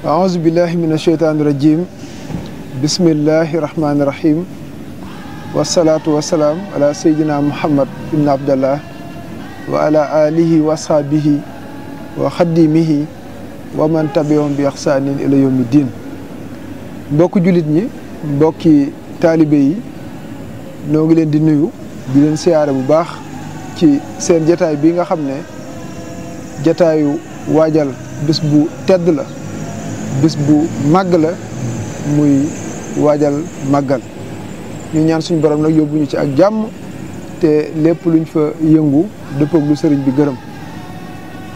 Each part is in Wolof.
أعوذ بالله من الشيطان الرجيم بسم الله الرحمن الرحيم والصلاة والسلام على سيدنا محمد بن عبد الله وعلى آله وصحبه وخدمه ومن تبعهم بإحسان إلى يوم الدين mbokki jullit ñi mbokki taalibe yi noo ngi leen di nuyu di leen siyaare bu baax ci seen jataay bi nga xam ne jataayu waajal bés bu tedd la bis bu mag la muy wadjal magal ñu ñaan suñu borom nak yobbu ñu ci ak jamm te lepp luñ fa yëngu ak lu sëriñ bi gëreem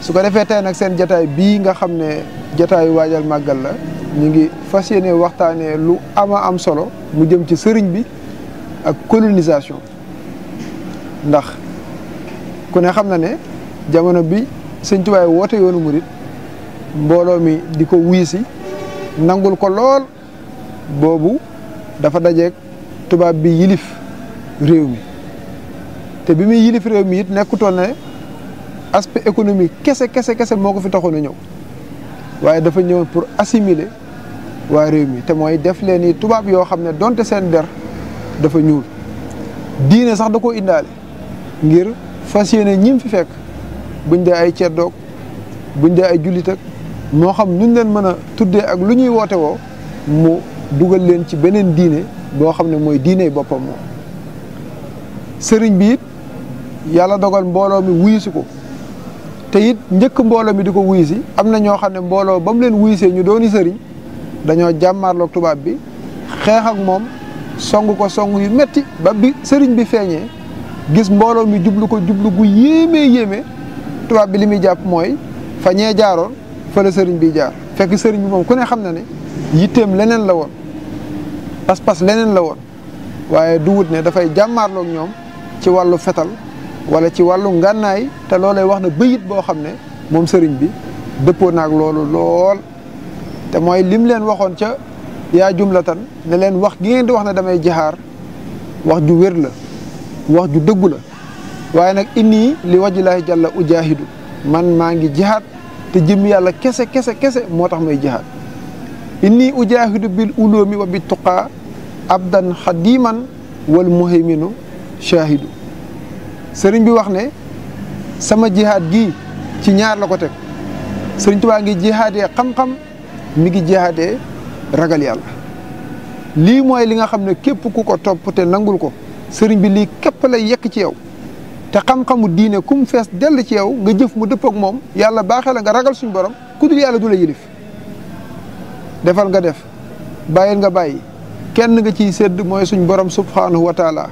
su ko défé tay nak seen jotaay bi nga xamné jotaay wadjal magal la ñu ngi fas lu ama am solo mu jëm ci sëriñ bi ak colonisation ndax ku ne xam na ne jamono bi seigne touba woote yoonu murit mbooloo mi di ko wiisi nangul ko lool boobu dafa dajeeg tubaab bi yilif réew mi te bi muy yilif réew mi it nekkutoon ne aspect économique kese kese kese moo ko fi taxoon a ñëw waaye dafa ñëwoon pour assimile waa réew mi te mooy def leen i tubaab yoo xam ne donte seen der dafa ñuul diine sax da koo indaale ngir fas yéene ñim fi fekk buñ dee ay ceddoog buñ dee ay jullit moo xam nuñ leen mën a tuddee ak lu ñuy woote woo mu dugal leen ci beneen diine boo xam ne mooy diiney boppam moom sëriñ bi it yàlla dogal mbooloo mi wuyu ko te yit njëkk mbooloo mi di ko wuyu am na ñoo xam ne mbooloo ba mu leen wuyu see ñu dooni sëriñ dañoo jàmmaarloog tubaab bi xeex ak moom song ko song yi metti ba bi sëriñ bi feeñee gis mbooloo mi jublu ko jublu gu yéemee yéeme tubaab bi li muy jàpp mooy fa ñee jaaroon fële sëriñ bi jaar fekk sëriñ bi moom ku ne xam na ne yitteem leneen la woon pas-pas leneen la woon waaye du ne dafay jàmmaarlook ñoom ci wàllu fetal wala ci wàllu ngànnaay te loolee wax na bëyit boo xam ne moom sëriñ bi dëppoo naag loolu lool te mooy lim leen waxoon ca yaa jumlatan ne leen wax gi ngeen di wax ne damay jaxaar wax ju wér la wax ju dëggu la waaye nag indi li wajilaahi jàlla ujaahidu man maa ngi jihaat te jëm yalla kese kese kese motax moy jihad inni ujahidu bil ulumi wa bit tuqa abdan hadiman wal muhiminu shahidu sëriñ bi wax ne sama jihad gi ci ñaar la ko teg sëriñ tubaa ngi jihaadee xam-xam mi ngi jihadé ragal yalla li moy li nga xamne kep ku ko top te nangul ko sëriñ bi li kep lay yek ci yow te xam-xamu diine ku mu fees dell ci yow nga jëf mu dëpp ak moom yàlla baaxee la nga ragal suñu borom ku dul yàlla du la yilif defal nga def bàyyil nga bàyyi kenn nga ciy sédd mooy suñ borom subhanahu wa taala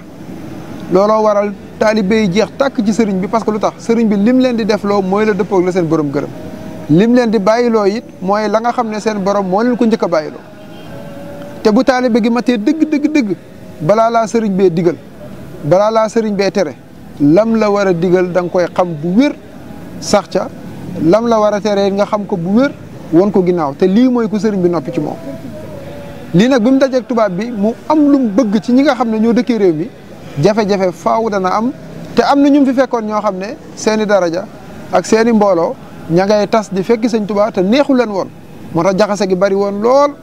looloo waral taalibe yi jeex tàkk ci sëriñ bi parce que lu tax sëriñ bi lim leen di def loo mooy la dëppoog la seen borom gërëm lim leen di bàyyiloo it mooy la nga xam ne seen borom moo leen ko njëkk a bàyyiloo te bu taalibe gi matee dëgg dëgg dëgg balaa laa sëriñ bee digal balaa laa sëriñ bee tere lam la war a diggal da nga koy xam bu wér sax ca lam la war a tere nga xam ko bu wér won ko ginnaaw te lii mooy ku sëriñ bi noppi ci moom. lii nag bi mu dajeeg tubaab bi mu am lu mu bëgg ci ñi nga xam ne ñoo dëkkee réew mi jafe-jafe faaw dana am te am na ñum fi fekkoon ñoo xam ne seeni daraja ak seeni mbooloo ña ngay tas di fekk sëñ Tuubaa te neexu leen woon moo tax jaxase gi bari woon lool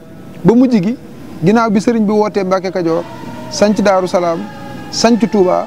ba mujj gi ginnaaw bi sëriñ bi wootee Mbàkke Kajoor sanc Daaru Salaam sanc Tuubaa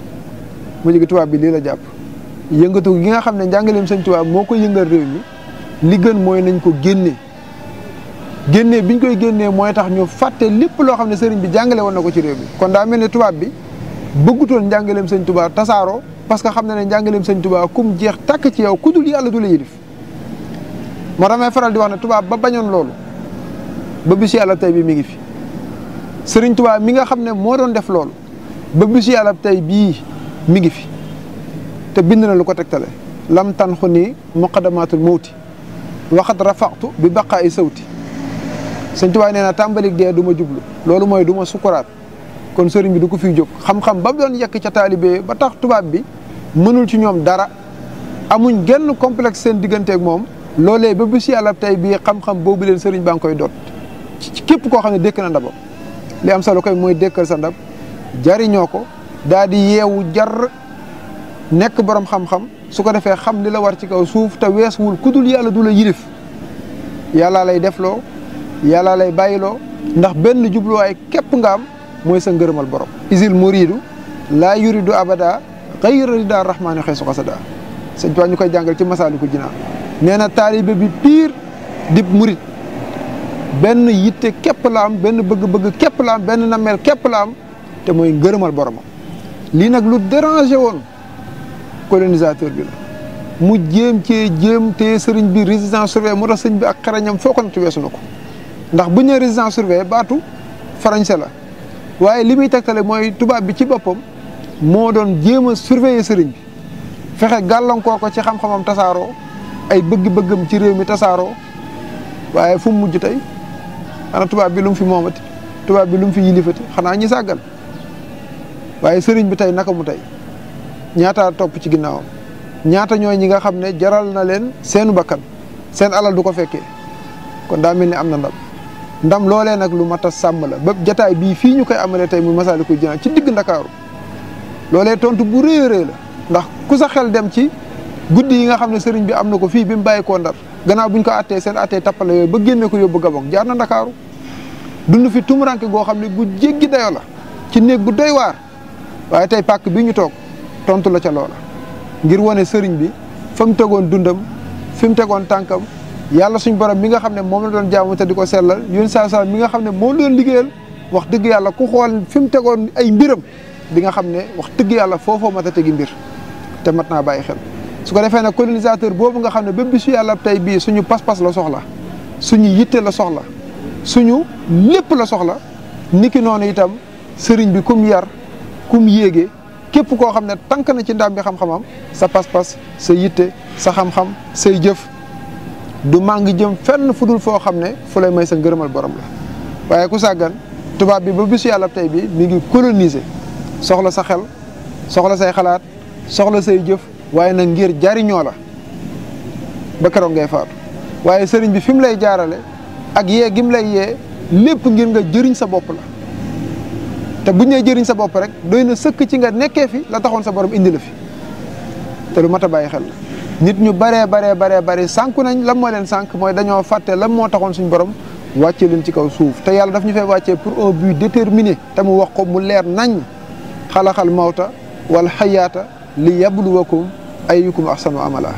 mu ñu tuba bi li la jàpp yëngatu gi nga xamne jangaleem njàngaleem tuba moko moo ko yëngal mi li gën moy nañ ko génne génne biñ koy génnee moy tax ñu faté lepp lo xamne ne bi jàngale won nako ci rew bi kon da melni tuba bi bëggutoon jangaleem sëñ tuba tasaro parce que xamne ne jangaleem sëñ tuba kum jeex tak ci yow kudul yalla yàlla du la yilif moo tax faral di wax na tuba ba bañon loolu ba bisu yalla tay bi mi ngi fi sëriñ tubaab mi nga xamne mo doon def lool ba bisu yalla tay bi mi ngi fi te bind na lu ko tegtale lam tanxu nii muqadamatul mawti waxat rafaqtu bi baqaa i sawti sëñ Tuubaa nee na tàmbalik dee du jublu loolu mooy du ma sukuraat kon sëriñ bi du ko fiy jóg xam-xam ba mu doon yekk ca taalibe ba tax tubaab bi mënul ci ñoom dara amuñ genn complexe seen digganteeg moom loolee ba bu bis yàlla tey bii xam-xam boobu leen sëriñ baa ngi koy doot ci képp koo xam ne dékk na ndabam li am solo koy mooy dékkal sa ndab jariñoo ko dadi yewu jar nek borom xam-xam su ko defé xam lila war ci kaw suuf ta wessul kudul yalla dula la yalla lay deflo yalla lay bayilo ndax djublu way kep nga am moy sa ngeureumal borom izil muridu la yuridu abada ghayra rida rahman xeesu qasada sëñ tuwaa koy jangal ci masaaliku ko dina neena talibe bi pire dib murid ben yitte kep la am ben beug beug kep la am ben namel kep la am te moy ngeureumal borom lii nag lu dérangé woon colonisateur bi la mu jéem ci jéem te sëriñ bi résidence surveillée moo tax sëriñ bi ak xarañam foo ko ci weesu na ko ndax bu ñu nee résidence surveillée baatu français la waaye li muy tegtale mooy tubaab bi ci boppam moo doon jéem a surveiller sëriñ bi fexe gàllankoor ko ci xam-xamam tasaaroo ay bëgg-bëggam ci réew mi tasaaroo waaye fu mu mujj tey ana tubaab bi lu mu fi moomati tubaab bi lu mu fi yilifati xanaa ñi sàggal waaye sëriñ bi tey naka mu tey ñaata topp ci ginnaawam ñaata ñooy ñi nga xam ne jaral na leen seenu bakkan seen alal du ko fekkee kon daa mel ni am na ndam ndam loolee nag lu mat a sàmm la ba jataay bii fii ñu koy amalee tey muy Masaalikul Jinaan ci digg ndakaaru loolee tontu bu rëy a la ndax ku sax xel dem ci guddi yi nga xam ne sëriñ bi am na ko fii bi mu bàyyi koo ndar gannaaw bu ko attee seen attee tappale yooyu ba génne ko yóbbu Gabon jaar na ndakaaru dund fi tumuranke goo xam ne gu jéggi dayo la ci néeg bu doy waaye tey pàkk bi ñu toog tontu la ca loola ngir wane sëriñ bi fa mu tegoon dundam fi mu tegoon tànkam yàlla suñ borom mi nga xam ne moom la doon jaamu te di ko sellal yoon saa saa mi nga xam ne moom la doon liggéeyal wax dëgg yàlla ku xool fi mu tegoon ay mbiram di nga xam ne wax dëgg yàlla foofoo mat a tegi mbir te mat naa bàyyi xel. su ko defee nag colonisateur boobu nga xam ne ba bisu yàlla tey bii suñu pas-pas la soxla suñu yitte la soxla suñu lépp la soxla niki noonu itam sëriñ bi kum kum yéegee képp koo xam ne tànk na ci ndam bi xam-xamam sa pas-pas sa yitte sa xam-xam say jëf du màng jëm fenn fudul foo xam ne fu lay may sa ngërëmal borom la waaye ku sàggan tubaab bi ba bisu yàlla tey bi mu ngi coloniser soxla sa xel soxla say xalaat soxla say jëf waaye nag ngir jariñoo la ba keroog ngay faatu waaye sëriñ bi fi mu lay jaarale ak yee gi mu lay yee lépp ngir nga jëriñ sa bopp la té buñ nee jëriñ sa bop rek doyna sëkk ci nga nekké fi la taxoon sa borom indi la fi té lu mata a xel nit ñu bare bare bare bare sanku nañ lan mo leen sank moy dañoo faté lan mo taxoon suñ borom waccé leen ci kaw suuf té yalla daf ñu fay waccé pour un but déterminé té mu wax ko mu leer nañ khalaqal mawta wal hayata li yabluwakum ayyukum ahsanu amala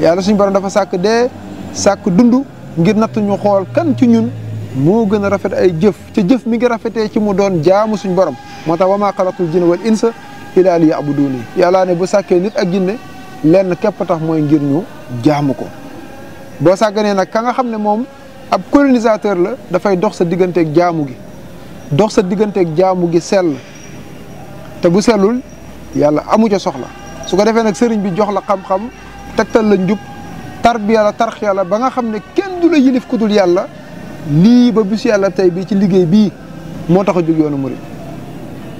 yalla suñ borom dafa sak dé sak dundu ngir nat ñu xol kan ci ñun moo gën a rafet ay jëf ca jëf mi ngi rafetee ci mu doon jaamu suñu borom moo tax wa maa xalaqtul jinna wal insa illaa liya'buduuni yàllaa ne bu sàkkee nit ak jinne lenn képp tax mooy ngir ñu jaamu ko boo sàgganee nag ka nga xam ne moom ab colonisateur la dafay dox sa digganteeg jaamu gi dox sa digganteeg jaamu gi sell te bu sellul yàlla amu ca soxla su ko defee nag sëriñ bi jox la xam-xam tegtal la njub tarbiya la tarxiya la ba nga xam ne kenn du la yilif yàlla lii ba bisu yàlla tey bi ci liggéey bii moo tax a jóg yoonu murid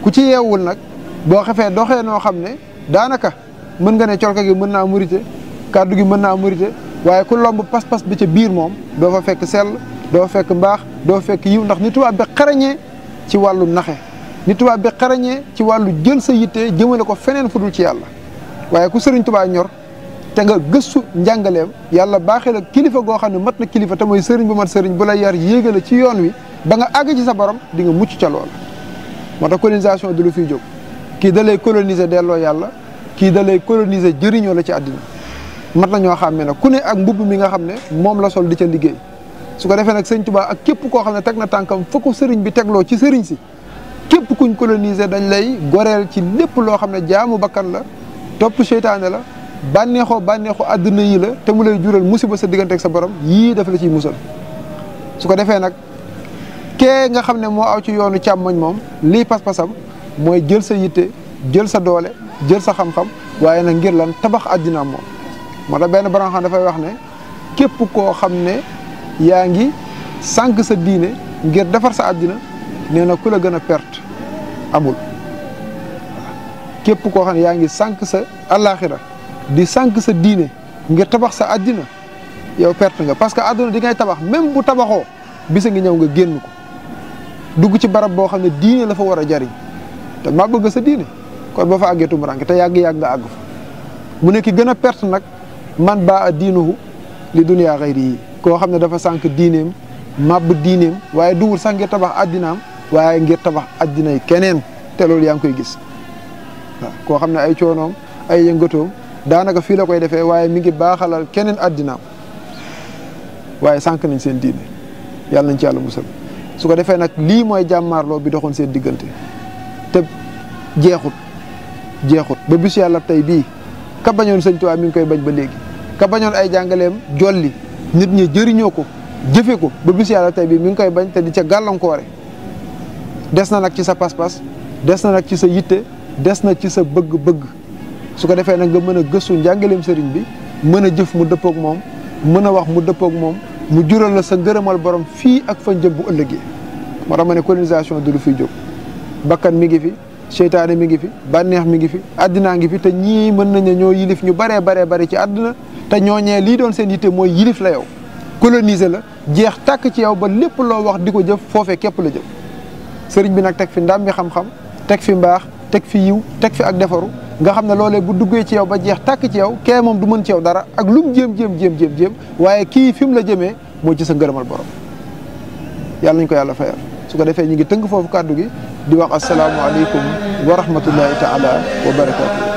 ku ci yeewul nag boo xefee doxe noo xam ne daanaka mën nga ne colka gi mën naa murite kàddu gi mën naa murite waaye ku lomb pas-pas bi ca biir moom doo fa fekk sell doo fekk mbaax doo fekk yiw ndax ni tubaab bi xarañee ci wàllu naxe ni tubaab bi xarañee ci wàllu jël sa yitte jëmale ko feneen fu dul ci yàlla waaye ku sëriñ tubaab ñor te nga gëstu njàngaleem yàlla baaxee la kilifa goo xam ne mat na kilifa te mooy sëriñ bu mat sëriñ bu la yar yéegale ci yoon wi ba nga àgg ci sa borom di nga mucc ca lool moo tax colonisation di lu fiy jóg kii da lay coloniser delloo yàlla kii da lay coloniser jëriñoo la ci àddina mat na ñoo xam ne nag ku ne ak mbubb mi nga xam ne moom la sol di ca liggéey su ko defee nag sëñ Tuubaa ak képp koo xam ne teg na tànkam fa ko sëriñ bi tegloo ci sëriñ si képp kuñ coloniser dañ lay goreel ci lépp loo xam ne jaamu bakkan la topp seytaane la bànneexoo bànneexu àdduna yi la te mu lay jural musiba sa diggante ak sa borom yii dafa la ciy musal su ko defee nag kee nga xam ne moo aw ci yoonu càmmoñ moom lii pas-pasam mooy jël sa yitte jël sa doole jël sa xam-xam waaye nag ngir lan tabax àddina moom moo tax benn borom xam dafay wax ne képp koo xam ne yaa ngi sànq sa diine ngir defar sa àddina nee na ku la gën a perte amul képp koo xam ne yaa ngi sànq sa àllaaxira di sànq sa diine ngir tabax sa àddina yow perte nga parce que àdduna di ngay tabax même bu tabaxoo bisa ngi ñëw nga génn ko dugg ci barab boo xam ne diine la fa war a jariñ te maa bëgg sa diine kon ba fa te yàgg-yàgg nga àgg fa mu gën a perte nag man baa a diinuhu li duniyaa xayri yi koo xam ne dafa sànq diineem màbb diineem waaye duwul sax ngir tabax àddinaam waaye ngir tabax àddinay keneen te loolu yaa ngi koy gis waaw koo xam ne ay coonoom ay yëngatoom daanaka fii la koy defee waaye mi ngi baaxalal keneen àddinaam waaye sànq nañ seen diine yàlla nañ ci yàlla musal su ko defee nag lii mooy jàmmaarloo bi doxoon seen diggante te jeexut jeexut ba bisu yàlla tey bii ka bañoon sëñ Tuubaa mi ngi koy bañ ba léegi ka bañoon ay jàngaleem jolli nit ñi jëriñoo ko jëfe ko ba bisu yàlla tey bii mi ngi koy bañ te di ca gàllankoore des na nag ci sa pas-pas des na nag ci sa yitte des na ci sa bëgg-bëgg su ko defee nag nga mën a gëstu njàngaleem sëriñ bi mën a jëf mu dëppook moom mën a wax mu dëppook moom mu jural la sa ngërëmal borom fii ak fa njëm bu ëllëgee moo tax ma ne colonisation du lu fi jóg bakkan mi ngi fi seytaane mi ngi fi bànneex mi ngi fi àddinaa ngi fi te ñii mën nañu ñoo yilif ñu baree bare bari ci àddina te ñooñee lii doon seen yitte mooy yilif la yow coloniser la jeex tàkk ci yow ba lépp loo wax di ko jëf foofe képp la jëf sëriñ bi nag teg fi ndam bi xam teg fi mbaax teg fi yiw teg fi ak defaru nga xam ne loolee bu duggee ci yow ba jeex tàkk ci yow kee moom du mën ci yow dara ak lu mu jéem jéem jéem jéem jéem waaye kii fi mu la jëmee mooy ci sa ngërëmal borom yàlla nañ ko yàlla fayal su ko defee ñu ngi tënk foofu kàddu gi di wax asalaamualeykum wa rahmatullahi taala wa barakaatu.